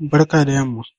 embarcaremos